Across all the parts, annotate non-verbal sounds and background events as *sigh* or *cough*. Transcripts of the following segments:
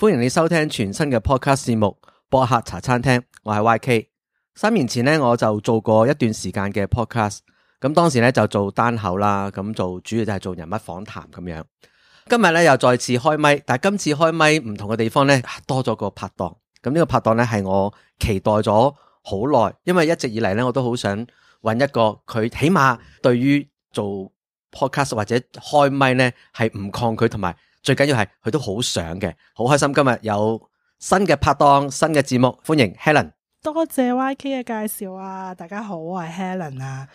歡迎你收聽全新嘅 podcast 節目《播客茶餐廳》，我，我係 YK。三年前呢，我就做過一段時間嘅 podcast，咁當時呢，就做單口啦，咁做主要就係做人物訪談咁樣。今日呢，又再次開咪，但係今次開咪唔同嘅地方呢，多咗個拍檔，咁、這、呢個拍檔呢，係我期待咗好耐，因為一直以嚟呢，我都好想揾一個佢，起碼對於做 podcast 或者開咪呢，係唔抗拒同埋。最緊要係佢都好想嘅，好開心今日有新嘅拍檔、新嘅節目，歡迎 Helen。多謝 YK 嘅介紹啊！大家好，我係 Helen 啊！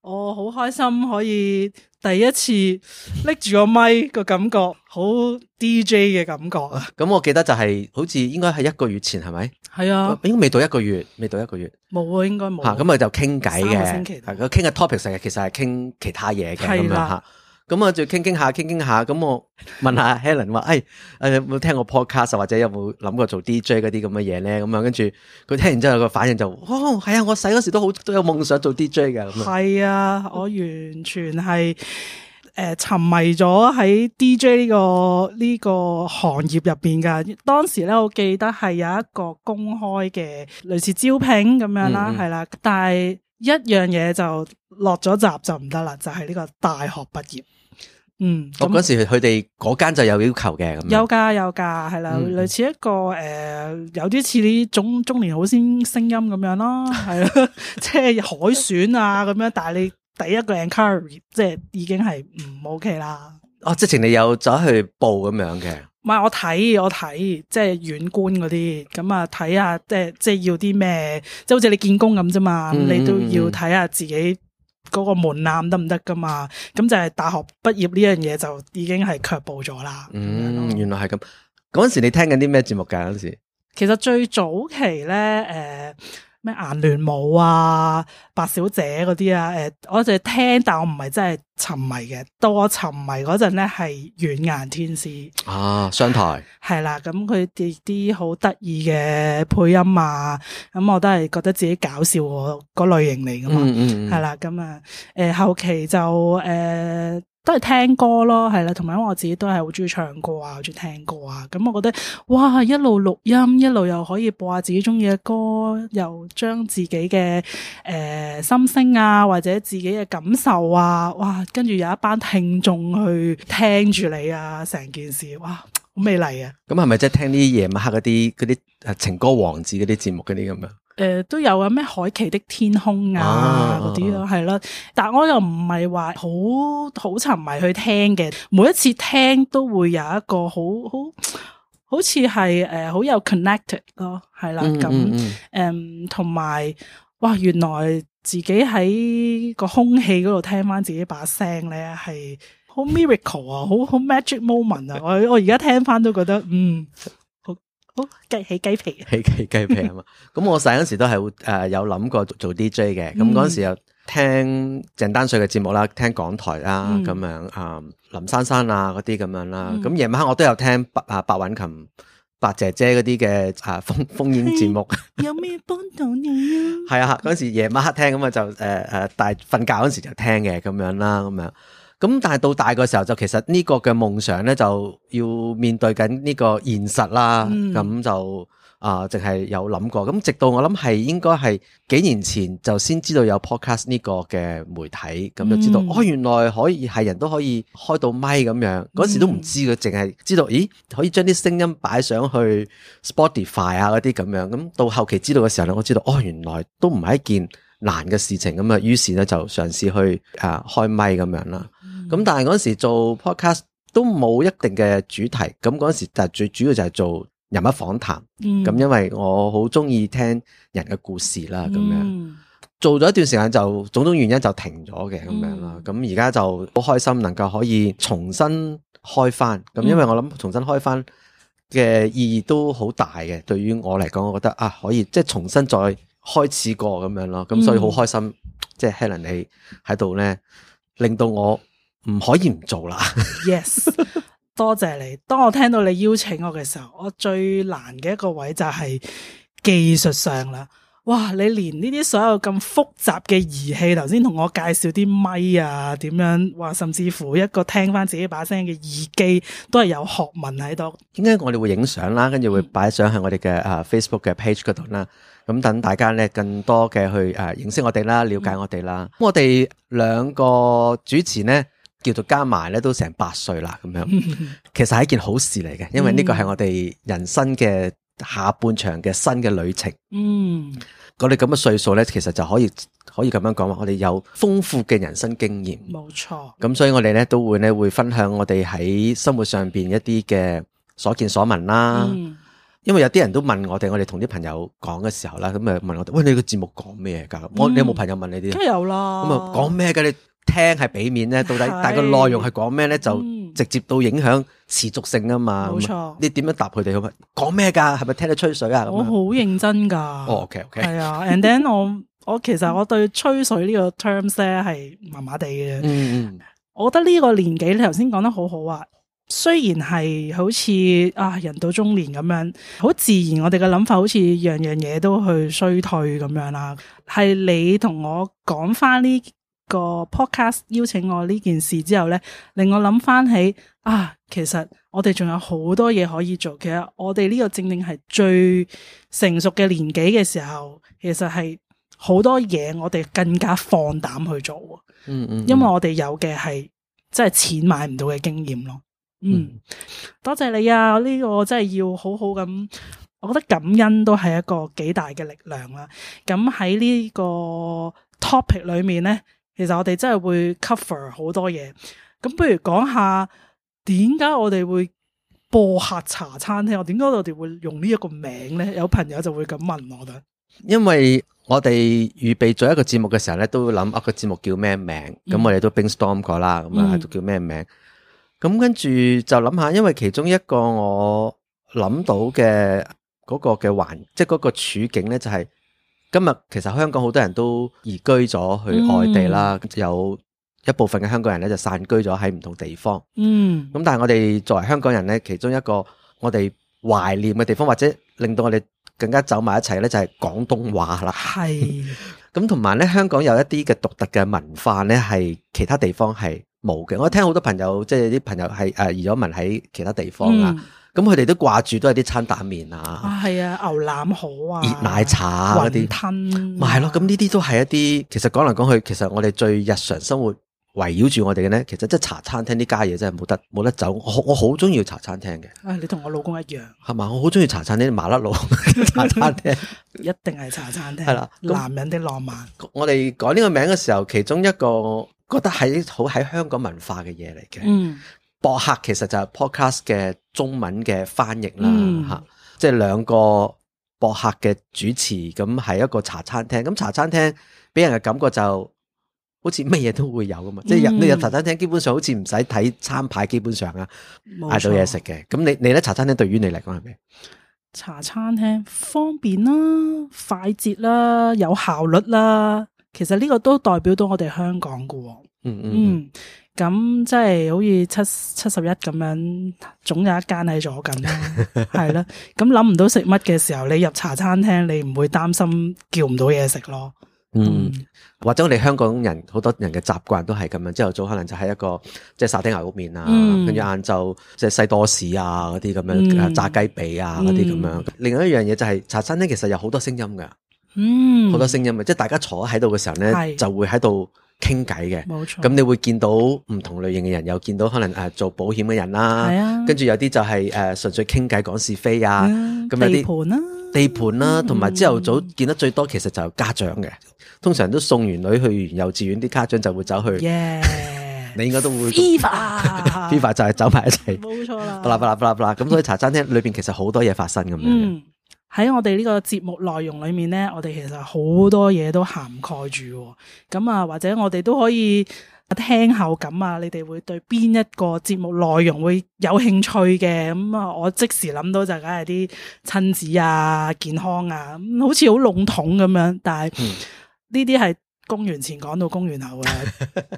我好開心可以第一次拎住個咪，個感覺好 DJ 嘅感覺 *laughs* 啊！咁、嗯、我記得就係、是、好似應該係一個月前係咪？係啊，應該未到一個月，未到一個月，冇啊，應該冇。吓，咁啊，就傾偈嘅，三個星期，係佢傾嘅 topic 成日，其實係傾其他嘢嘅咁樣吓。咁啊，再傾傾下，傾傾下。咁我問下 Helen 話：誒、哎，誒、哎，有冇聽過 Podcast，或者有冇諗過做 DJ 嗰啲咁嘅嘢咧？咁樣跟住佢聽完之後個反應就：哦，係啊，我細嗰時都好都有夢想做 DJ 嘅。係啊，我完全係誒、呃、沉迷咗喺 DJ 呢、這個呢、這個行業入邊噶。當時咧，我記得係有一個公開嘅類似招聘咁樣啦，係啦、嗯嗯啊。但係一樣嘢，就落咗閘就唔得啦，就係、是、呢個大學畢業。嗯，我嗰、哦嗯、時佢哋嗰間就有要求嘅，咁有㗎有㗎，係啦，嗯、類似一個誒、呃，有啲似啲中中年好先聲音咁樣咯，係咯，即係海選啊咁樣，但係你第一個 encourage 即係已經係唔 ok 啦。哦，之前你有走去報咁樣嘅？唔係、嗯，我睇我睇，即係遠觀嗰啲，咁啊睇下，即係即係要啲咩，即係好似你見工咁啫嘛，你都要睇下自己。嗯嗰個門檻得唔得噶嘛？咁就係大學畢業呢樣嘢就已經係卻步咗啦。嗯，原來係咁。嗰時你聽緊啲咩節目噶？嗰時其實最早期咧，誒、呃。咩顏聯舞啊，白小姐嗰啲啊，誒、呃，我就聽，但我唔係真係沉迷嘅。多沉迷嗰陣咧，係《軟硬天使》啊，商台係啦。咁佢哋啲好得意嘅配音啊，咁、嗯、我都係覺得自己搞笑個個類型嚟噶嘛，係啦、嗯。咁、嗯、啊，誒、嗯嗯嗯，後期就誒。呃都係聽歌咯，係啦，同埋因為我自己都係好中意唱歌啊，好中意聽歌啊，咁我覺得哇，一路錄音，一路又可以播下自己中意嘅歌，又將自己嘅誒、呃、心聲啊，或者自己嘅感受啊，哇，跟住有一班聽眾去聽住你啊，成件事哇，好美麗啊！咁係咪即係聽啲夜晚黑嗰啲嗰啲誒情歌王子嗰啲節目嗰啲咁樣？誒、呃、都有啊，咩海奇的天空啊嗰啲咯，係啦、啊。但我又唔係話好好沉迷去聽嘅，每一次聽都會有一個好好好似係誒好有 connect 咯，係啦，咁誒同埋哇，原來自己喺個空氣嗰度聽翻自己把聲咧，係好 miracle 啊，好好 magic moment 啊，我我而家聽翻都覺得嗯。雞起雞皮起雞雞皮啊嘛！咁我細嗰時都係誒有諗過做 DJ 嘅，咁嗰時又聽鄭丹瑞嘅節目啦，聽港台啦咁樣啊，林珊珊啊嗰啲咁樣啦，咁夜晚黑我都有聽白啊白韻琴、白姐姐嗰啲嘅啊烽煙節目，有咩幫到你啊？係啊，嗰時夜晚黑聽咁啊就誒誒，但瞓覺嗰時就聽嘅咁樣啦，咁樣。咁但係到大個時候就其實呢個嘅夢想呢，就要面對緊呢個現實啦，咁、嗯、就啊淨係有諗過。咁直到我諗係應該係幾年前就先知道有 podcast 呢個嘅媒體，咁就知道、嗯、哦原來可以係人都可以開到咪咁樣。嗰時都唔知嘅，淨係知道、嗯、知道咦可以將啲聲音擺上去 Spotify 啊嗰啲咁樣。咁到後期知道嘅時候呢，我知道哦原來都唔係一件難嘅事情。咁啊，於是呢，就嘗試去啊、呃、開咪咁樣啦。咁但係嗰時做 podcast 都冇一定嘅主題，咁嗰時就最主要就係做人物訪談，咁、嗯、因為我好中意聽人嘅故事啦，咁樣、嗯、做咗一段時間就種種原因就停咗嘅咁樣啦，咁而家就好開心能夠可以重新開翻，咁因為我諗重新開翻嘅意義都好大嘅，嗯、對於我嚟講，我覺得啊可以即係重新再開始過咁樣咯，咁所以好開心，即係、嗯、Helen 你喺度咧令到我唔可以唔做啦！Yes， *laughs* 多謝你。當我聽到你邀請我嘅時候，我最難嘅一個位就係技術上啦。哇，你連呢啲所有咁複雜嘅儀器，頭先同我介紹啲咪啊，點樣，話甚至乎一個聽翻自己把聲嘅耳機，都係有學問喺度。點解我哋會影相啦，跟住會擺相喺我哋嘅誒 Facebook 嘅 page 嗰度啦。咁等、嗯、大家咧更多嘅去誒認識我哋啦，了解我哋啦。嗯、我哋兩個主持呢。叫做加埋咧，都成百歲啦，咁樣，其實係一件好事嚟嘅，因為呢個係我哋人生嘅下半場嘅新嘅旅程。嗯，我哋咁嘅歲數咧，其實就可以可以咁樣講話，我哋有豐富嘅人生經驗。冇錯錯。咁所以我哋咧都會咧會分享我哋喺生活上邊一啲嘅所見所聞啦。嗯、因為有啲人都問我哋，我哋同啲朋友講嘅時候啦，咁啊問我哋：「喂，你個節目講咩噶？我、嗯、你有冇朋友問你啲？梗係有啦。咁啊講咩噶你？聽係俾面咧，到底是但個內容係講咩咧？就直接到影響持續性啊嘛。冇錯，你點樣答佢哋？好，講咩噶？係咪聽你吹水啊？我好認真噶。哦，OK，OK，係啊。And then 我我其實我對吹水呢個 term 咧係麻麻地嘅。嗯嗯，我覺得呢個年紀你頭先講得好好啊。雖然係好似啊人到中年咁樣，好自然我，我哋嘅諗法好似樣樣嘢都去衰退咁樣啦。係你同我講翻呢個 podcast 邀請我呢件事之後咧，令我諗翻起啊，其實我哋仲有好多嘢可以做。其實我哋呢個正正係最成熟嘅年紀嘅時候，其實係好多嘢我哋更加放膽去做。嗯嗯，嗯，因為我哋有嘅係真係錢買唔到嘅經驗咯。嗯，嗯嗯多謝你啊！呢、呢個真係要好好咁，我覺得感恩都係一個幾大嘅力量啦。咁喺呢個 topic 裏面咧，其實我哋真係會 cover 好多嘢，咁不如講下點解我哋會播客茶餐廳？我點解我哋會用呢一個名咧？有朋友就會咁問我啦。因為我哋預備咗一個節目嘅時候咧，都諗啊、個節目叫咩名？咁、嗯、我哋都 brainstorm 過啦，咁啊都叫咩名？咁跟住就諗下，因為其中一個我諗到嘅嗰個嘅環，即係嗰個處境咧，就係、是。今日其實香港好多人都移居咗去外地啦，嗯、有一部分嘅香港人咧就散居咗喺唔同地方。嗯，咁但係我哋作為香港人咧，其中一個我哋懷念嘅地方，或者令到我哋更加走埋一齊咧，就係、係、廣東話啦。係是。咁同埋咧，香港有一啲嘅獨特嘅文化咧，係其他地方係冇嘅。我聽好多朋友，嗯、即係啲朋友係誒、啊、移咗民喺其他地方啊。嗯咁佢哋都掛住，都係啲餐蛋麵啊！啊，係啊，牛腩河啊，熱奶茶啊嗰啲，雲吞，啊，咪係咯。咁呢啲都係一啲，其實講嚟講去，其實我哋最日常生活圍繞住我哋嘅咧，其實即係茶餐廳呢家嘢，真係冇得冇得走。我我好中意茶餐廳嘅。啊、哎，你同我老公一樣。係嘛，我好中意茶餐廳麻甩佬茶餐廳廳， *laughs* 一定係茶餐廳。係啦、啊，男人的浪漫。我哋講呢個名嘅時候，其中一個覺得係好喺香港文化嘅嘢嚟嘅。嗯。播客其實就係 podcast 嘅中文嘅翻譯啦吓，嗯、即係兩個播客嘅主持咁係一個茶餐廳，咁茶餐廳俾人嘅感覺就好似乜嘢都會有噶嘛，嗯、即係入入茶餐廳基本上好似唔使睇餐牌，基本上啊嗌、嗯、到嘢食嘅，咁沒錯 你你咧茶餐廳對於你嚟講係咩？茶餐廳方便啦、快捷啦、有效率啦，其實呢個都代表到我哋香港噶。Mm, um, 嗯，咁即係好似七七十一咁樣，總有一間喺左近啦，係啦。 *laughs* 咁諗唔到食乜嘅時候，你入茶餐廳，你唔會擔心叫唔到嘢食咯。嗯，或者我哋香港人好多人嘅習慣都係咁樣，朝頭早可能就係一個即係沙丁牛肉麵啊，跟住晏晝即係西多士啊嗰啲咁樣，嗯、炸雞髀啊嗰啲咁樣。另外一樣嘢就係茶餐廳，其實有好多聲音噶，嗯，好多聲音啊，即係大家坐喺度嘅時候咧，就會喺度。是 *laughs* 傾偈嘅，咁你會見到唔同類型嘅人，又見到可能誒做保險嘅人啦，跟住有啲就係誒純粹傾偈講是非啊，咁有啲地盤啦，地盤啦，同埋朝頭早見得最多其實就係家長嘅，通常都送完女去完幼稚園，啲家長就會走去，你應該都會，FIFA，FIFA 就係走埋一齊，冇錯啦，不啦不啦不啦啦，咁所以茶餐廳裏邊其實好多嘢發生咁樣。喺我哋呢個節目內容裏面咧，我哋其實好多嘢都涵蓋住，咁啊或者我哋都可以聽後感啊，你哋會對邊一個節目內容會有興趣嘅，咁啊我即時諗到就梗係啲親子啊、健康啊，咁好似好籠統咁樣，但係呢啲係。公元前講到公元後啊，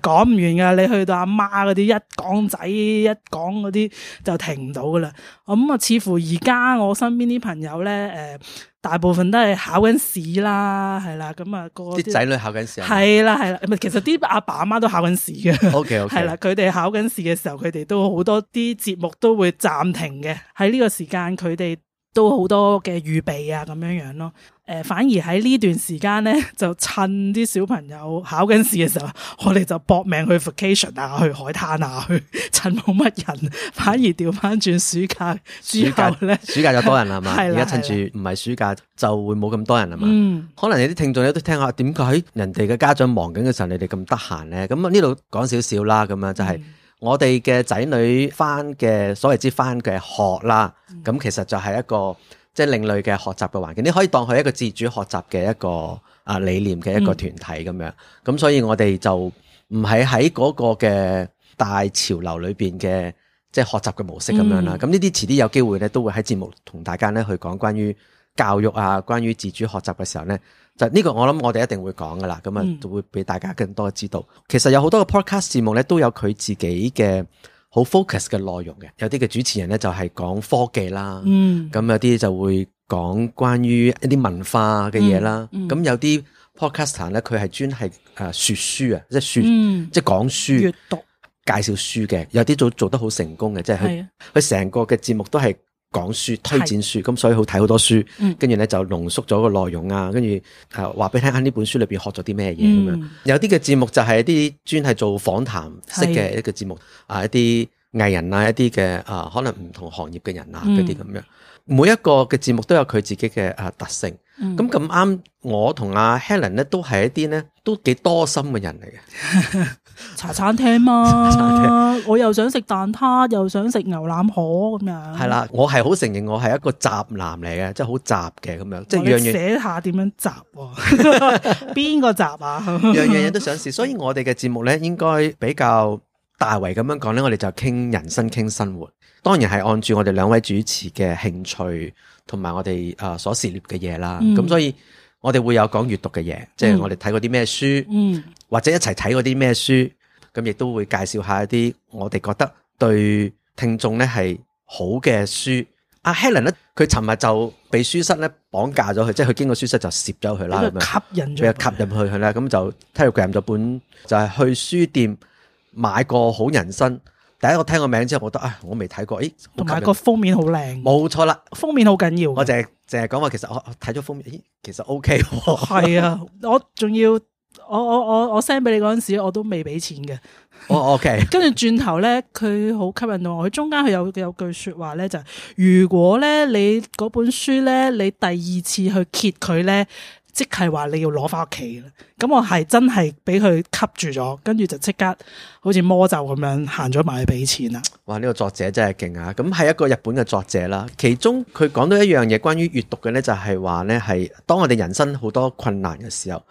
講唔 *laughs* 完㗎，你去到阿媽嗰啲一講仔一講嗰啲就停唔到㗎啦。咁、嗯、啊，似乎而家我身邊啲朋友咧，誒、呃、大部分都係考緊試啦，係啦，咁啊啲仔女考緊試係啦係啦，其實啲阿爸阿媽，媽都考緊試嘅。OK OK okay .係啦，佢哋考緊試嘅時候，佢哋都好多啲節目都會暫停嘅，喺呢個時間佢哋。都好多嘅預備啊，咁樣樣咯。誒，反而喺呢段時間咧，就趁啲小朋友考緊試嘅時候，我哋就搏命去 vacation 啊，去海灘啊，去趁冇乜人，反而調翻轉暑假之後咧，暑假就多人啦嘛。而家 *laughs* 趁住唔係暑假就會冇咁多人啊嘛。嗯，可能有啲聽眾咧都聽下，點解人哋嘅家長忙緊嘅時候，你哋咁得閒咧？咁啊，呢度講少少啦，咁樣就係。我哋嘅仔女翻嘅所謂之翻嘅學啦，咁其實就係一個即係另類嘅學習嘅環境。你可以當佢一個自主學習嘅一個啊理念嘅一個團體咁樣。咁、嗯、所以我哋就唔係喺嗰個嘅大潮流裏邊嘅即係學習嘅模式咁樣啦。咁呢啲遲啲有機會咧都會喺節目同大家咧去講關於教育啊，關於自主學習嘅時候咧。呢個，我諗我哋一定會講㗎喇，咁啊就會俾大家更多知道。嗯、其實有好多嘅 podcast 節目咧，都有佢自己嘅好 focus 嘅內容嘅。有啲嘅主持人咧就係講科技啦，咁、嗯、有啲就會講關於一啲文化嘅嘢啦。咁、嗯嗯、有啲 podcaster 咧，佢係專係誒説書啊，即係説即係講書、讀介紹書嘅。有啲做做得好成功嘅，即係佢佢成個嘅節目都係。講書，推薦書，咁所以好睇好多書，跟住咧就濃縮咗個內容啊，跟住啊話俾聽下呢本書裏邊學咗啲咩嘢咁樣。有啲嘅節目就係一啲專係做訪談式嘅一個節目，是啊一啲藝人啊一啲嘅啊可能唔同行業嘅人啊嗰啲咁樣。每一個嘅節目都有佢自己嘅啊特性。咁咁啱，我同阿 Helen 咧都係一啲咧都幾多心嘅人嚟嘅。嗯 *laughs* 茶餐廳嘛，啊，餐廳啊，我又想食蛋撻，又想食牛腩河咁、啊、樣。係啦 *laughs* 我係好承認我係一個雜男嚟嘅，即係好雜嘅咁樣，即係樣樣寫下點樣雜，啊，邊 *laughs* 個雜啊？ *laughs* 樣樣嘢都想試，所以我哋嘅節目呢，應該比較大圍咁樣講呢，我哋就傾人生、傾生活，當然係按住我哋兩位主持嘅興趣同埋我哋誒所涉獵嘅嘢啦。咁、嗯、所以，我哋會有講閱讀嘅嘢，即係我哋睇過啲咩書。嗯或者一齊睇嗰啲咩書，咁亦都會介紹下一啲我哋覺得對聽眾咧係好嘅書。阿 Helen 咧，佢尋日就俾書室咧綁架咗佢，即係佢經過書室就攝咗佢啦。吸引咗，吸引去佢咧，咁就 Telegram 咗本，就係去書店買個好人生。第一個聽個名之後，我覺得啊，我未睇過，誒，同埋個封面好靚，冇錯啦，封面好緊要。我淨係淨係講話，其實我睇咗封面，咦，其實 OK。係啊，我仲要。 *laughs* 我我我我 send 俾你嗰陣時，我都未俾錢嘅、oh, okay. *laughs* 我 OK，跟住轉頭咧，佢好吸引到我。佢中間佢有有句說話咧、就係，就如果咧你嗰本書咧，你第二次去揭佢咧。即係話你要攞翻屋企嘅，咁我係真係俾佢吸住咗，跟住就即刻好似魔咒咁樣行咗埋去俾錢啦。哇！呢個作者真係勁啊！咁係一個日本嘅作者啦，其中佢講到一樣嘢關於閱讀嘅呢，就係話呢係當我哋人生好多困難嘅時候，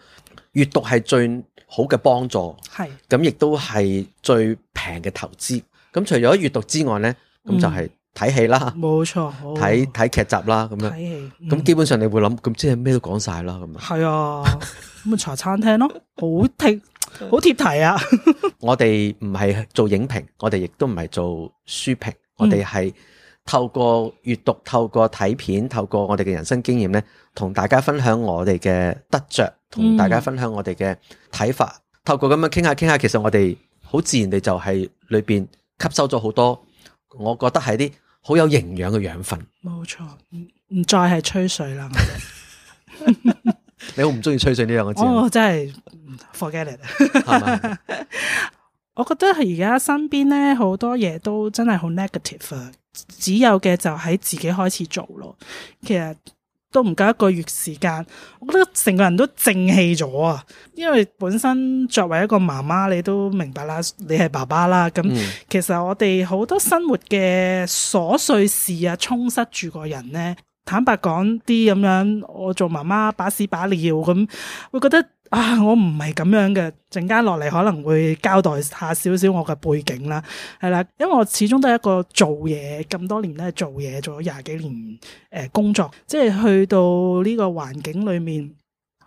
閱讀係最好嘅幫助，係咁亦都係最平嘅投資。咁除咗閱讀之外呢，咁就係嗯。睇戲啦，冇錯錯。睇睇劇集啦，咁戲樣。睇戲，嗯，咁基本上你會諗，咁即係咩都講晒啦，咁。係啊，咁啊 *laughs* 茶餐廳咯，好貼， *laughs* 好貼題啊。 *laughs* 我哋唔係做影評，我哋亦都唔係做書評，我哋係透過閱讀，嗯、讀，透過睇片，透過我哋嘅人生經驗咧，同大家分享我哋嘅得着，同大家分享我哋嘅睇法。嗯、透過咁樣傾下傾下，其實我哋好自然地就係裏邊吸收咗好多。我覺得係啲好有營養嘅養分錯，冇錯，唔唔再係吹水啦。你好唔中意吹水呢兩個字 *laughs* 我？我真係 forget it。 *laughs* 我覺得係而家身邊咧好多嘢都真係好 negative，啊，只有嘅就喺自己開始做咯。其實。都唔夠一個月時間，我覺得成個人都正氣咗啊！因為本身作為一個媽媽，你都明白啦，你係爸爸啦，咁其實我哋好多生活嘅瑣碎事啊，充塞住個人呢。坦白講啲咁樣，我做媽媽把屎把尿咁，會覺得啊，我唔係咁樣嘅。陣間落嚟可能會交代下少少我嘅背景啦，係啦，因為我始終都係一個做嘢咁多年都係，做嘢做咗廿幾年誒、呃、工作，即係去到呢個環境裏面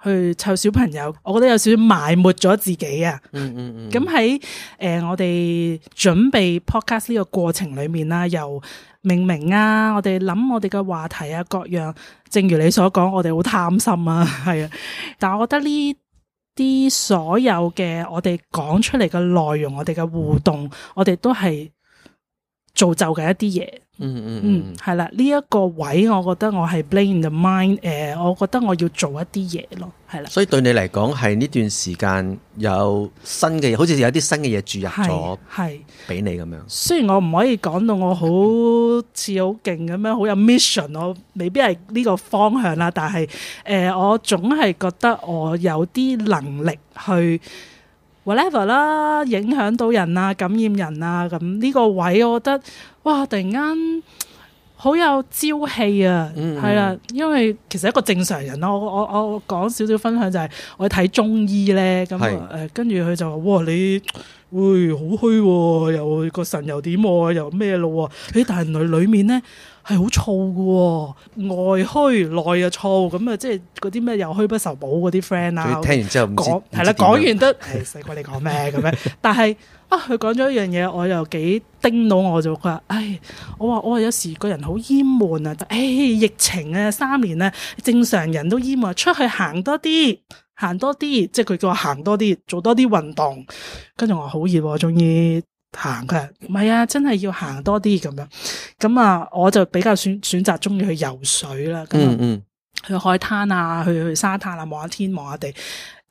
去湊小朋友，我覺得有少少埋沒咗自己啊。嗯，嗯嗯嗯。咁喺誒我哋準備 podcast 呢個過程裏面啦，又。明明啊，我哋諗我哋嘅話題啊，各樣，正如你所講，我哋好貪心啊，係啊，但係我覺得呢啲所有嘅我哋講出嚟嘅內容，我哋嘅互動，我哋都係造就嘅一啲嘢。嗯嗯嗯，係啦、嗯，呢一、這個位我覺得我係 blame the mind，誒、呃，我覺得我要做一啲嘢咯，係啦。所以對你嚟講，係呢段時間有新嘅，好似有啲新嘅嘢注入咗的，係俾你咁樣。雖然我唔可以講到我好似好勁咁樣，好有 mission，我未必係呢個方向啦。但係，誒、呃，我總係覺得我有啲能力去。Whatever 啦，影響到人啊，感染人啊，咁、這、呢個位我覺得哇，突然間好有朝氣啊，係啦、mm hmm.，因為其實一個正常人咯，我我我講少少分享就係、是、我去睇中醫咧，咁誒跟住佢就話：哇，你會好虛喎，又個神又點，又咩咯喎？喺大銀裏面咧。係好燥嘅，外虛內啊燥，咁啊即係嗰啲咩有虛不受補嗰啲 friend 啊。佢聽完之後講係啦，講、嗯、完得細個你講咩咁樣？但係啊，佢講咗一樣嘢，我又幾叮到我就覺得，唉、哎，我話我話有時個人好閹悶啊，但、哎、疫情啊三年啊，正常人都閹悶啊，出去行多啲，行多啲，即係佢叫我行多啲，做多啲運動。跟住我話好熱，中意。行嘅，唔係啊，真係要行多啲咁樣，咁啊，我就比較選選擇中意去游水啦，去海灘啊，去去沙灘啊，望下天望下地。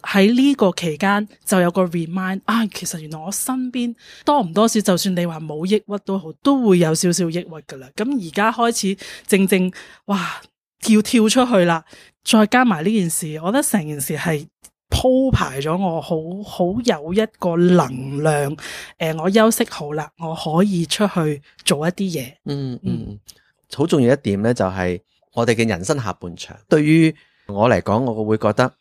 喺呢個期間就有個 remind，啊，其實原來我身邊多唔多少，就算你話冇抑鬱都好，都會有少少抑鬱噶啦。咁而家開始正正，哇，跳跳出去啦！再加埋呢件事，我覺得成件事係。鋪排咗我好好有一個能量，誒、呃，我休息好啦，我可以出去做一啲嘢。嗯嗯，好、嗯、重要一點呢，就係我哋嘅人生下半場，對於我嚟講，我會覺得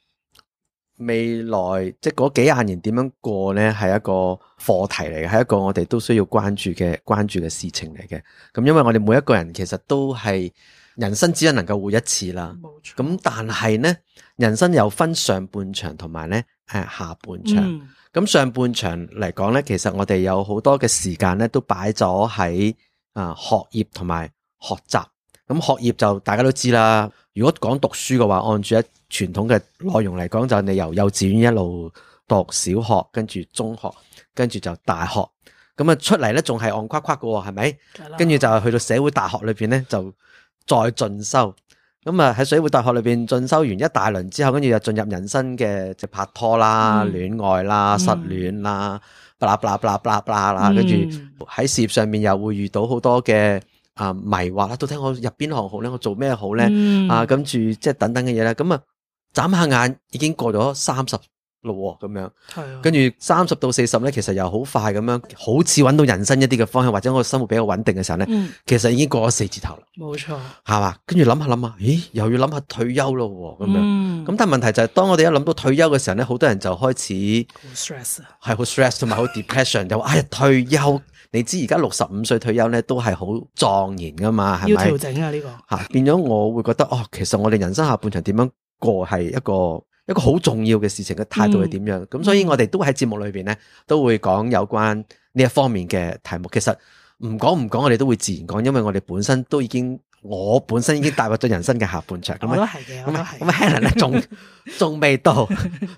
未來即嗰、就是、幾廿年點樣過呢，係一個課題嚟嘅，係一個我哋都需要關注嘅關注嘅事情嚟嘅。咁因為我哋每一個人其實都係。人生只能夠活一次啦，咁錯但係呢，人生有分上半場同埋咧誒下半場。咁、嗯、上半場嚟講呢，其實我哋有好多嘅時間呢都擺咗喺啊學業同埋學習。咁學業就大家都知啦。如果講讀書嘅話，按住一傳統嘅內容嚟講，就你由幼稚園一路讀小學，跟住中學，跟住就大學。咁啊出嚟呢，仲係戇夸夸㗎係咪？的跟住就去到社會大學裏邊呢，就。再進修，咁啊喺水會大學裏邊進修完一大輪之後，跟住又進入人生嘅就拍拖啦、嗯、戀愛啦、失戀啦，巴啦巴啦巴啦巴拉，跟住喺事業上面又會遇到好多嘅啊迷惑啦，都聽我入邊行好咧？我做咩好咧？嗯、啊，跟住即係等等嘅嘢啦，咁啊眨下眼已經過咗三十。咯咁樣，係，跟住三十到四十咧，其實又好快咁樣，好似揾到人生一啲嘅方向，或者我生活比較穩定嘅時候咧，嗯、其實已經過咗四字頭啦。冇錯，係嘛，跟住諗下諗下，咦，又要諗下退休咯咁樣。咁但係問題就係、是，當我哋一諗到退休嘅時候咧，好多人就開始好 stress，係好很 stress 同埋好 depression， *laughs* 就話哎呀退休，你知而家六十五歲退休咧都係好壯年噶嘛，係咪？要調整啊呢、這個吓變咗我會覺得哦，其實我哋人生下半場點樣過係一個。一個好重要嘅事情嘅態度係點樣？咁、嗯、所以我哋都喺節目裏邊咧，都會講有關呢一方面嘅題目。其實唔講唔講，我哋都會自然講，因為我哋本身都已經，我本身已經踏入咗人生嘅下半場。 *laughs* 我都係嘅，那我都係。咁 Helen 咧，仲仲 *laughs* 未到，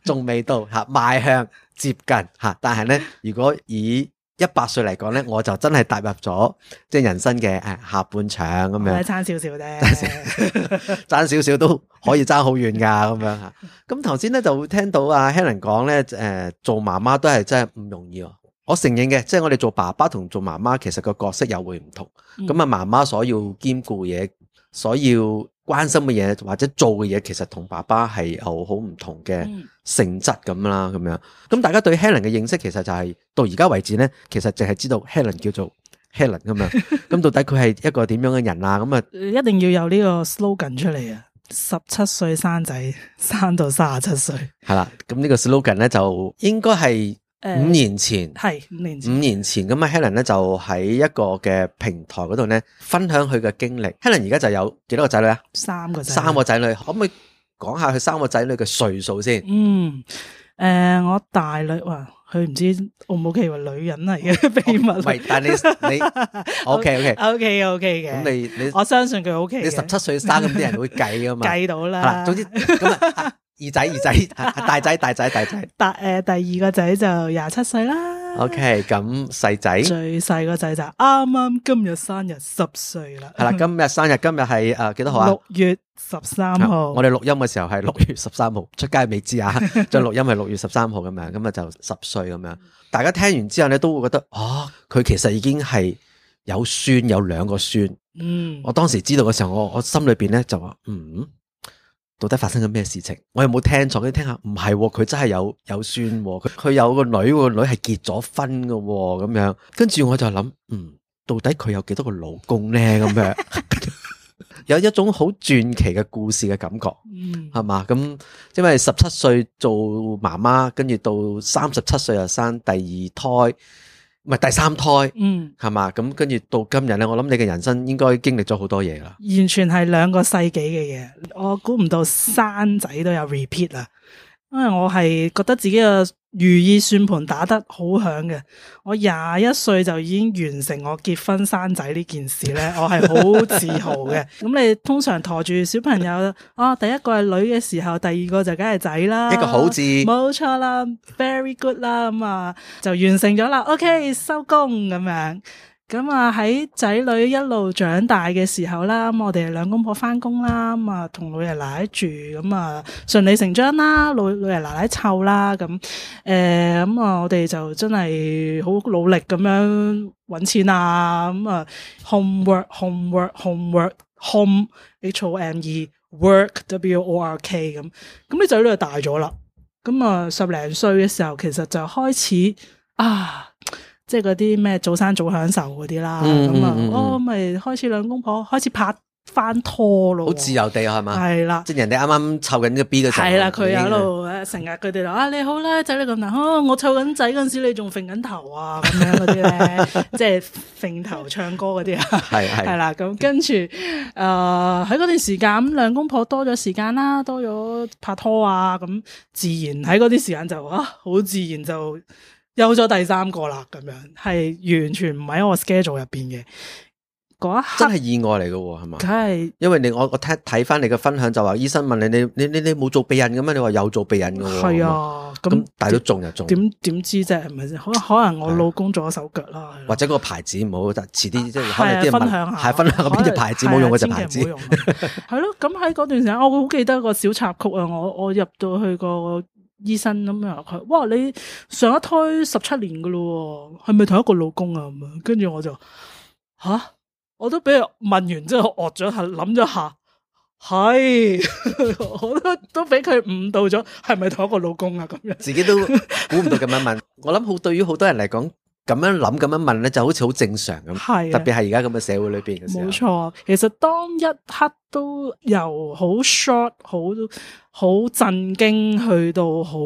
仲未到吓，邁向接近吓，但係咧，如果以一百歲嚟講咧，我就真係踏入咗即係人生嘅誒下半場咁樣，爭少少啫，爭少少都可以爭好遠噶咁 *laughs* 樣吓。咁頭先咧就會聽到阿 Helen 講咧，誒、呃、做媽媽都係真係唔容易。我承認嘅，即、就、係、是、我哋做爸爸同做媽媽，其實個角色又會唔同。咁啊、嗯，媽媽所要兼顧嘢，所要。關心嘅嘢或者做嘅嘢，其實同爸爸係好好唔同嘅性質咁啦，咁、嗯、樣。咁大家對 Helen 嘅認識其、就係，其實就係到而家為止咧，其實淨係知道 Helen 叫做 Helen 咁 *laughs* 樣。咁到底佢係一個點樣嘅人啊？咁啊， *laughs* 一定要有呢個 slogan 出嚟啊！十七歲生仔，生到三十七歲。係啦，咁、呢、呢個 slogan 咧就應該係。五年前，係五年前。五年前咁啊，Helen 咧就喺一個嘅平台嗰度咧分享佢嘅經歷。Helen 而家就有幾多個仔女咧？三個仔，三個仔女，可唔可以講下佢三個仔女嘅歲數先？嗯，誒，我大女話，佢唔知我唔好形容女人嚟嘅秘密。唔係，但係你你 OK OK OK OK 嘅。咁你你我相信佢 OK 嘅。你十七歲生咁啲人會計㗎嘛？計到啦。總之咁啊。二仔、二仔、啊、大仔、大仔、大仔，大誒、呃、第二個仔就廿七歲啦。OK，咁、嗯、細仔最細個仔就啱啱今日生日十歲啦。係 *laughs* 啦，今日生日，今日係誒幾多號啊？六月十三號。我哋錄音嘅時候係六月十三號，出街未知啊。在 *laughs* 錄音係六月十三號咁樣，今日就十歲咁樣。大家聽完之後咧，都會覺得哦，佢其實已經係有孫，有兩個孫。嗯， *laughs* 我當時知道嘅時候，我我心裏邊咧就話嗯。到底發生咗咩事情？我有冇聽錯？你聽下，唔係，佢真係有有孫，佢有個女，個女係結咗婚嘅，咁樣，跟住，我就諗，嗯，到底佢有幾多個老公呢？咁樣， *laughs* *laughs* 有一種好傳奇嘅故事嘅感覺，係嘛、嗯？咁因為十七歲做媽媽，跟住到三十七歲就生第二胎。唔係第三胎，嗯，係嘛？咁跟住到今日咧，我諗你嘅人生應該經歷咗好多嘢啦。完全係兩個世紀嘅嘢，我估唔到生仔都有 repeat 啦。因為我係覺得自己嘅如意算盤打得好響嘅，我廿一歲就已經完成我結婚生仔呢件事咧，我係好自豪嘅。咁 *laughs* 你通常陀住小朋友，哦、啊，第一個係女嘅時候，第二個就梗係仔啦。一個好字，冇錯啦，very good 啦，咁啊就完成咗啦，OK 收工咁樣。咁啊，喺仔、嗯、女一路長大嘅時候啦，咁、嗯、我哋兩公婆翻工啦，咁啊同老爺奶奶住，咁啊順理成章啦，老老爺奶奶湊啦，咁、嗯、誒，咁、嗯、啊、嗯，我哋就真係好努力咁樣搵錢啊，咁、嗯、啊、嗯、homework，homework，homework，home，h o m e，work，w o r k，咁、嗯，咁啲仔女就大咗啦，咁、嗯、啊、嗯、十零歲嘅時候，其實就開始啊。即係嗰啲咩早生早享受嗰啲啦，咁啊、嗯嗯嗯嗯哎，我咪開始兩公婆開始拍翻拖咯，好自由地係嘛？係啦吧，即係人哋啱啱湊緊個 B 嗰時候，係啦 tsp.，佢喺度成日佢哋就啊你好啦，仔你咁大，我湊緊仔嗰陣時你仲甩緊頭啊，咁樣嗰啲咧，即係甩頭唱歌嗰啲啊，係係係啦，咁跟住，誒喺嗰段時間咁兩公婆多咗時間啦，多咗拍拖啊，咁自然喺嗰啲時間就啊好自然就、啊。啊有咗第三個啦，咁樣係完全唔喺我 schedule 入邊嘅。嗰一刻真係意外嚟、啊、嘅，係嘛？梗係，因為你我我睇睇翻你嘅分享就話，醫生問你你你你冇做避孕咁啊？你話有做避孕嘅係啊？咁、啊、但係都中又中，點點知啫？係咪先？可可能我老公做咗手腳啦？啊、或者個牌子唔好，但遲啲即係分享下，係分享邊隻牌子冇用嗰隻牌子，係咯以？咁喺嗰段時間，我好記得個小插曲啊！我我入到去、嗰個。醫生咁樣佢，哇！你上一胎十七年噶咯，係咪同一個老公啊？咁樣，跟住我就吓？我都俾佢問完之後愕咗下，諗咗下，係 *laughs* 我都都俾佢誤導咗，「係咪同一個老公啊？咁樣自己都估唔到咁樣問， *laughs* 我諗好對於好多人嚟講，咁樣諗，咁樣問咧，就好似好正常咁。係的，特別係而家咁嘅社會裏邊嘅時候。冇錯，其實當一刻都由好 short，好好震驚去到好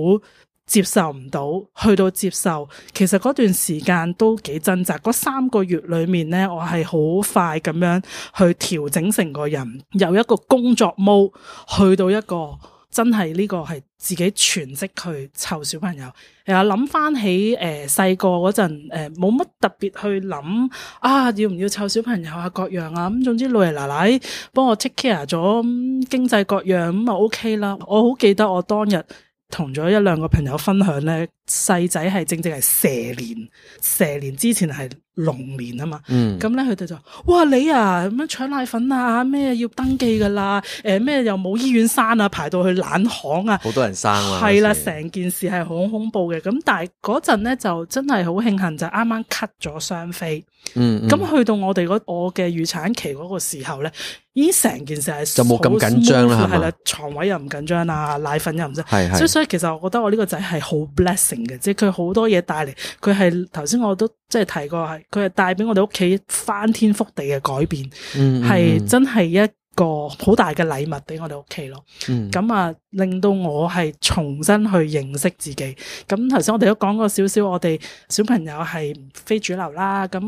接受唔到，去到接受，其實嗰段時間都幾掙扎。嗰三個月裏面咧，我係好快咁樣去調整成個人，由一個工作 mode，去到一個。真係呢個係自己全職去湊小朋友，又諗翻起誒細個嗰陣冇乜特別去諗啊，要唔要湊小朋友啊，各樣啊，咁總之老爺奶奶幫我 take care 咗經濟各樣咁啊 OK 啦。我好記得我當日同咗一兩個朋友分享咧，細仔係正正係蛇年，蛇年之前係。龍年啊嘛，咁咧佢哋就哇，你啊咁樣搶奶粉啊，咩要登記噶啦，誒咩又冇醫院生啊，排到去冷巷啊，好多人生啊，係啦，成件事係好恐怖嘅，咁但係嗰陣咧就真係好慶幸就啱啱 cut 咗雙飛，咁去到我哋我嘅預產期嗰個時候咧，已經成件事係就冇咁緊張啦，係啦，牀位又唔緊張啦，奶粉又唔知，所以所以其實我覺得我呢個仔係好 blessing 嘅，即係佢好多嘢帶嚟，佢係頭先我都即係提過係。佢係帶俾我哋屋企翻天覆地嘅改變，係、嗯嗯嗯、真係一個好大嘅禮物俾我哋屋企咯。咁、嗯嗯、啊，令到我係重新去認識自己。咁頭先我哋都講過少少，我哋小朋友係非主流啦。咁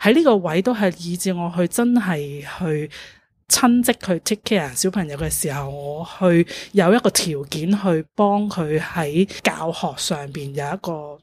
喺呢個位都係以至我去真係去親職去 take care 小朋友嘅時候，我去有一個條件去幫佢喺教學上邊有一個。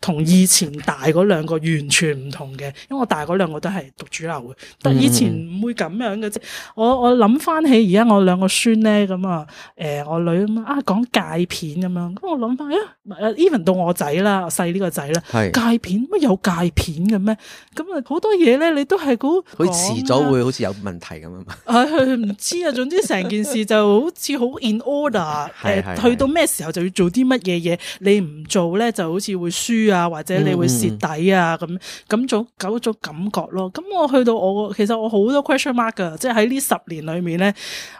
同以前大嗰兩個完全唔同嘅，因為我大嗰兩個都係讀主流嘅，但以前唔會咁樣嘅啫、嗯。我我諗翻起而家我兩個孫咧咁啊，誒、啊、我女咁啊講戒片咁樣，咁我諗翻，誒 even 到我仔啦，細呢個仔啦，戒片乜有戒片嘅咩？咁啊好多嘢咧，你都係估佢遲咗會好似有問題咁樣佢唔、嗯、知啊，總之成件事就好似好 in order， *laughs* 去到咩時候就要做啲乜嘢嘢，你唔做咧就好似會輸。啊，或者你會蝕底啊，咁咁種九種感覺咯。咁我去到我，其實我好多 question mark 噶，即係喺呢十年裏面咧，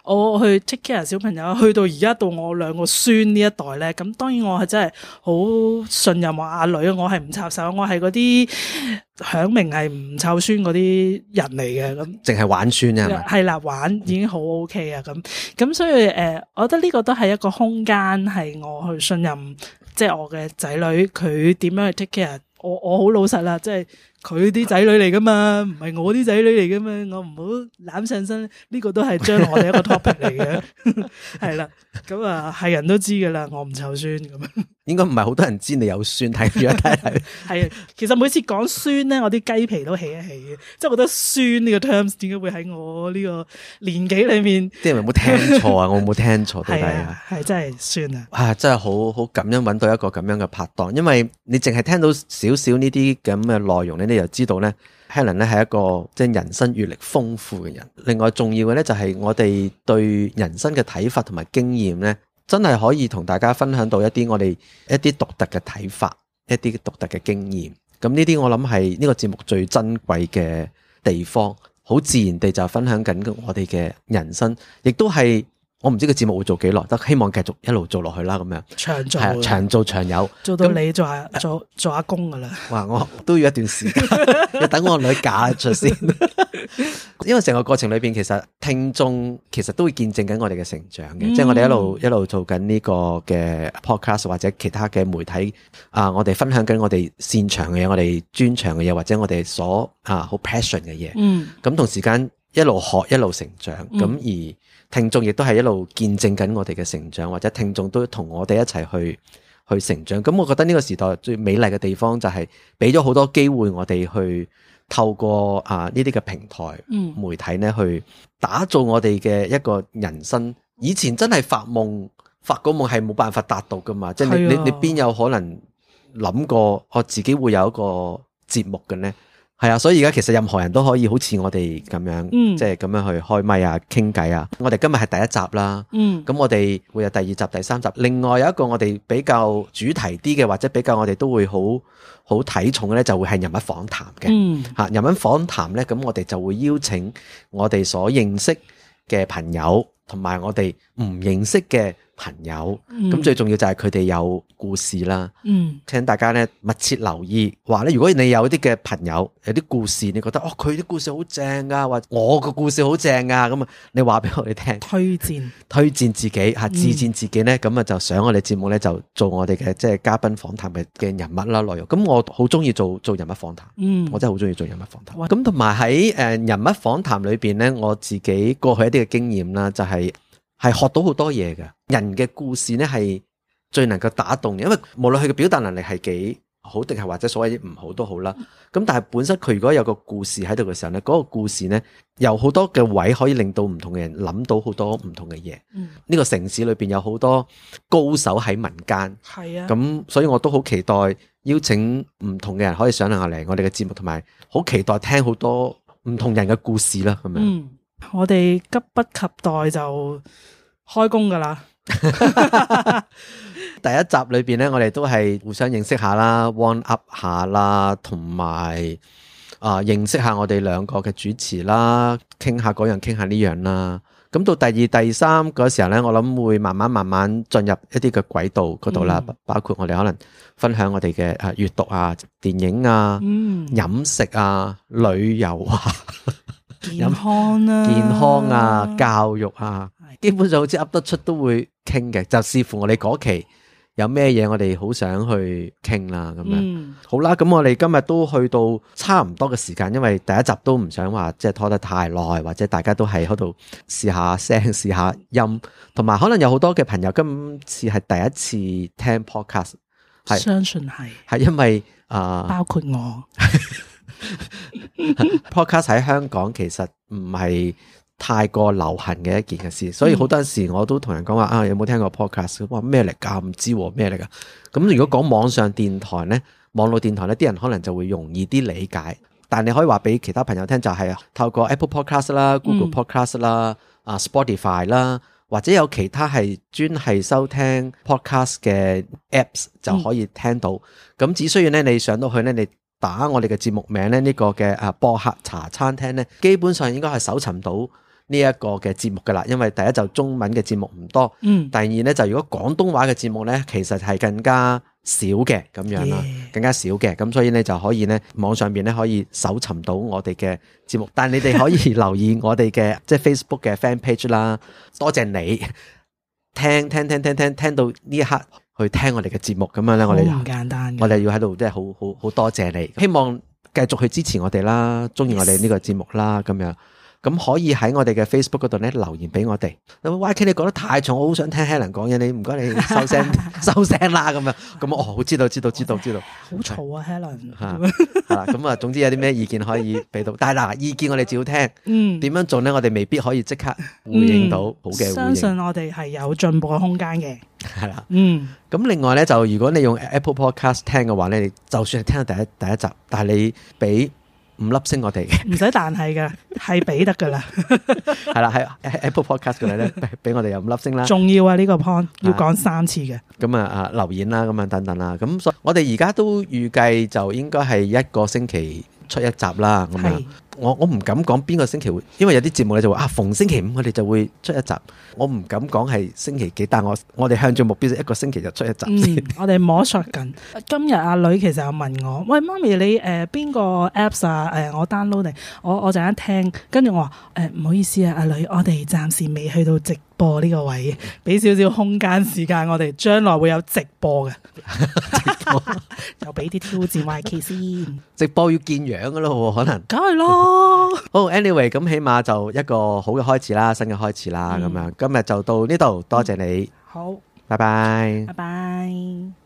我去 take care 小朋友，去到而家到我兩個孫呢一代咧，咁當然我係真係好信任我阿、啊、女，我係唔插手，我係嗰啲響明係唔湊孫嗰啲人嚟嘅咁。淨係玩孫啊？係咪？係啦，玩已經好 OK 啊！咁咁所以誒、呃，我覺得呢個都係一個空間，係我去信任。即係我嘅仔女，佢點樣去 take care？我我好老實啦，即係。佢啲仔女嚟㗎嘛，唔係我啲仔女嚟㗎嘛，我唔好攬上身。呢、這個都係將來我哋一個 topic 嚟嘅， *laughs* *laughs* 係啦。咁啊，係人都知㗎啦，我唔臭酸咁樣。應該唔係好多人知你有酸，睇住一睇。係啊，啊， *laughs* 其實每次講酸咧，我啲雞皮都起一起嘅，即我覺得酸呢個 terms 點解會喺我呢個年紀裏面？啲 *laughs* 人有冇聽錯啊？我有冇聽錯？係啊， *laughs* 係真係酸啊！啊，真係好好感恩揾到一個咁樣嘅拍檔，因為你淨係聽到少少呢啲咁嘅內容又知道咧 Helen 咧，係一個即係人生閱歷豐富嘅人。另外重要嘅咧，就係我哋對人生嘅睇法同埋經驗咧，真係可以同大家分享到一啲我哋一啲獨特嘅睇法，一啲獨特嘅經驗。咁呢啲我諗係呢個節目最珍貴嘅地方。好自然地就分享緊我哋嘅人生，亦都係。我唔知個節目會做幾耐，都希望繼續一路做落去啦，咁樣長做，長做長有，做到你做下、啊那啊、做做阿公㗎喇。哇！我都要一段時間，要等我女嫁出先。因為成個過程裏邊，其實聽眾其實都會見證緊我哋嘅成長嘅，嗯、即係我哋一路一路做緊呢個嘅 podcast 或者其他嘅媒體啊、呃，我哋分享緊我哋擅長嘅嘢，我哋專長嘅嘢，或者我哋所啊好 passion 嘅嘢。嗯，咁、嗯、同時間一路學一路成長，咁而、嗯。嗯聽眾亦都係一路見證緊我哋嘅成長，或者聽眾都同我哋一齊去去成長。咁我覺得呢個時代最美麗嘅地方就係俾咗好多機會我哋去透過啊呢啲嘅平台、媒體呢，去打造我哋嘅一個人生。以前真係發夢，發個夢係冇辦法達到噶嘛？即係、嗯、你你邊有可能諗過我自己會有一個節目嘅呢？係啊，所以而家其實任何人都可以好似我哋咁樣，嗯、即係咁樣去開咪啊、傾偈啊。我哋今日係第一集啦，咁、嗯、我哋會有第二集、第三集。另外有一個我哋比較主題啲嘅，或者比較我哋都會好好睇重嘅咧，就會係人物訪談嘅吓。嗯、人物訪談咧，咁我哋就會邀請我哋所認識嘅朋友，同埋我哋唔認識嘅。朋友，咁、嗯、最重要就係佢哋有故事啦。嗯，請大家咧密切留意，話咧如果你有啲嘅朋友有啲故事，你覺得哦佢啲故事好正噶，或者我個故事好正噶，咁啊，你話俾我哋聽，推薦，推薦自己吓，自薦自己咧，咁啊、嗯，就上我哋節目咧，就做我哋嘅即係嘉賓訪談嘅嘅人物啦，內容。咁我好中意做做人物訪談，嗯，我真係好中意做人物訪談。咁同埋喺誒人物訪談裏邊咧，我自己過去一啲嘅經驗啦，就係。係學到好多嘢嘅，人嘅故事呢係最能夠打動嘅，因為無論佢嘅表達能力係幾好，定係或者所謂唔好都好啦。咁、嗯、但係本身佢如果有個故事喺度嘅時候呢嗰、嗰個故事呢，有好多嘅位可以令到唔同嘅人諗到好多唔同嘅嘢。呢、嗯、個城市裏邊有好多高手喺民間，係啊、嗯。咁所以我都好期待邀請唔同嘅人可以上嚟我哋嘅節目，同埋好期待聽好多唔同人嘅故事啦，係咪？我哋急不及待就開工噶啦！第一集裏邊咧，我哋都係互相認識下啦，warm up 下啦，同埋啊，認識下我哋兩個嘅主持啦，傾下嗰樣，傾下呢樣啦。咁到第二、第三嗰時候咧，我諗會慢慢、慢慢進入一啲嘅軌道嗰度啦，嗯、包括我哋可能分享我哋嘅啊閱讀啊、電影啊、飲、嗯、食啊、旅遊啊。健康啊、健康啊，教育啊，基本上好似噏得出都會傾嘅，就視乎我哋嗰期有咩嘢，我哋好想去傾啦咁樣。嗯、好啦，咁我哋今日都去到差唔多嘅時間，因為第一集都唔想話即係拖得太耐，或者大家都係喺度試下聲，試下音，同埋可能有好多嘅朋友今次係第一次聽 podcast，係、嗯、是相信係係因為啊，呃、包括我。 *laughs* *laughs* podcast 喺香港其實唔係太過流行嘅一件嘅事，所以好多時我都同人講話啊，有冇聽過 podcast？哇咩嚟噶？唔知咩嚟噶？咁如果講網上電台呢，網絡電台呢啲人可能就會容易啲理解。但你可以話俾其他朋友聽，就係、是、透過 Apple Podcast 啦、Google Podcast 啦、嗯、啊、uh, Spotify 啦，或者有其他係專係收聽 podcast 嘅 apps 就可以聽到。咁、嗯、只需要咧，你上到去呢。你。打我哋嘅節目名咧，呢、這個嘅啊播客茶餐廳咧，基本上應該係搜尋到呢一個嘅節目噶啦。因為第一就中文嘅節目唔多，嗯，第二咧就如果廣東話嘅節目咧，其實係更加少嘅咁樣啦，更加少嘅咁，所以咧就可以咧網上邊咧可以搜尋到我哋嘅節目。但係你哋可以留意我哋嘅 *laughs* 即係 Facebook 嘅 Fan Page 啦。多謝你，聽聽聽聽聽聽到呢一刻。去聽我哋嘅節目咁樣咧，我哋唔簡單，我哋要喺度即係好好好，好多謝你，希望繼續去支持我哋啦，中意我哋呢個節目啦，咁 Yes. 樣。咁可以喺我哋嘅 Facebook 度咧留言俾我哋。YK 你講得太重，我好想聽 Helen 講嘢，你唔該你收聲收聲啦，咁樣。咁 *laughs* 哦，知道知道知道知道。好嘈啊，Helen。吓 *laughs* 道，咁啊，總之有啲咩意見可以俾到？但係嗱，意見我哋只要聽，點樣做咧，我哋未必可以即刻回應到好嘅、嗯。相信我哋係有進步嘅空間嘅。係啦的，嗯。咁、嗯、另外咧，就如果你用 Apple Podcast 聽嘅話咧，就算係聽到第一第一集，但係你俾。五粒星我哋嘅，唔使但係嘅，係俾得噶啦，係啦，喺 Apple Podcast 嗰度咧，俾我哋有五粒星啦。重要啊，呢、這個 point 要講三次嘅、啊。咁啊啊留言啦、啊，咁啊等等啦、啊，咁所以我哋而家都預計就應該係一個星期，出一集啦咁樣是，我我唔敢講邊個星期會，因為有啲節目咧就話啊，逢星期五我哋就會出一集，我唔敢講係星期幾？但係我我哋向住目標一個星期就出一集先、嗯、我哋摸索緊， *laughs* 今日阿女其實有問我，喂，媽咪你誒邊、呃、個 apps 啊？誒我 download 定？我我就一聽，跟住我話，誒唔好意思啊，阿女，我哋暫時未去到直。」播呢個位，俾少少空間時間我哋，將來會有直播嘅，直播，又俾啲挑戰 YK 先。 *laughs* 直播要見樣噶咯，可能。梗係咯。 *laughs* 好，Anyway，咁起碼就一個好嘅開始啦，新嘅開始啦，咁樣、嗯、今日就到呢度，多謝你。好，拜拜 bye。拜拜。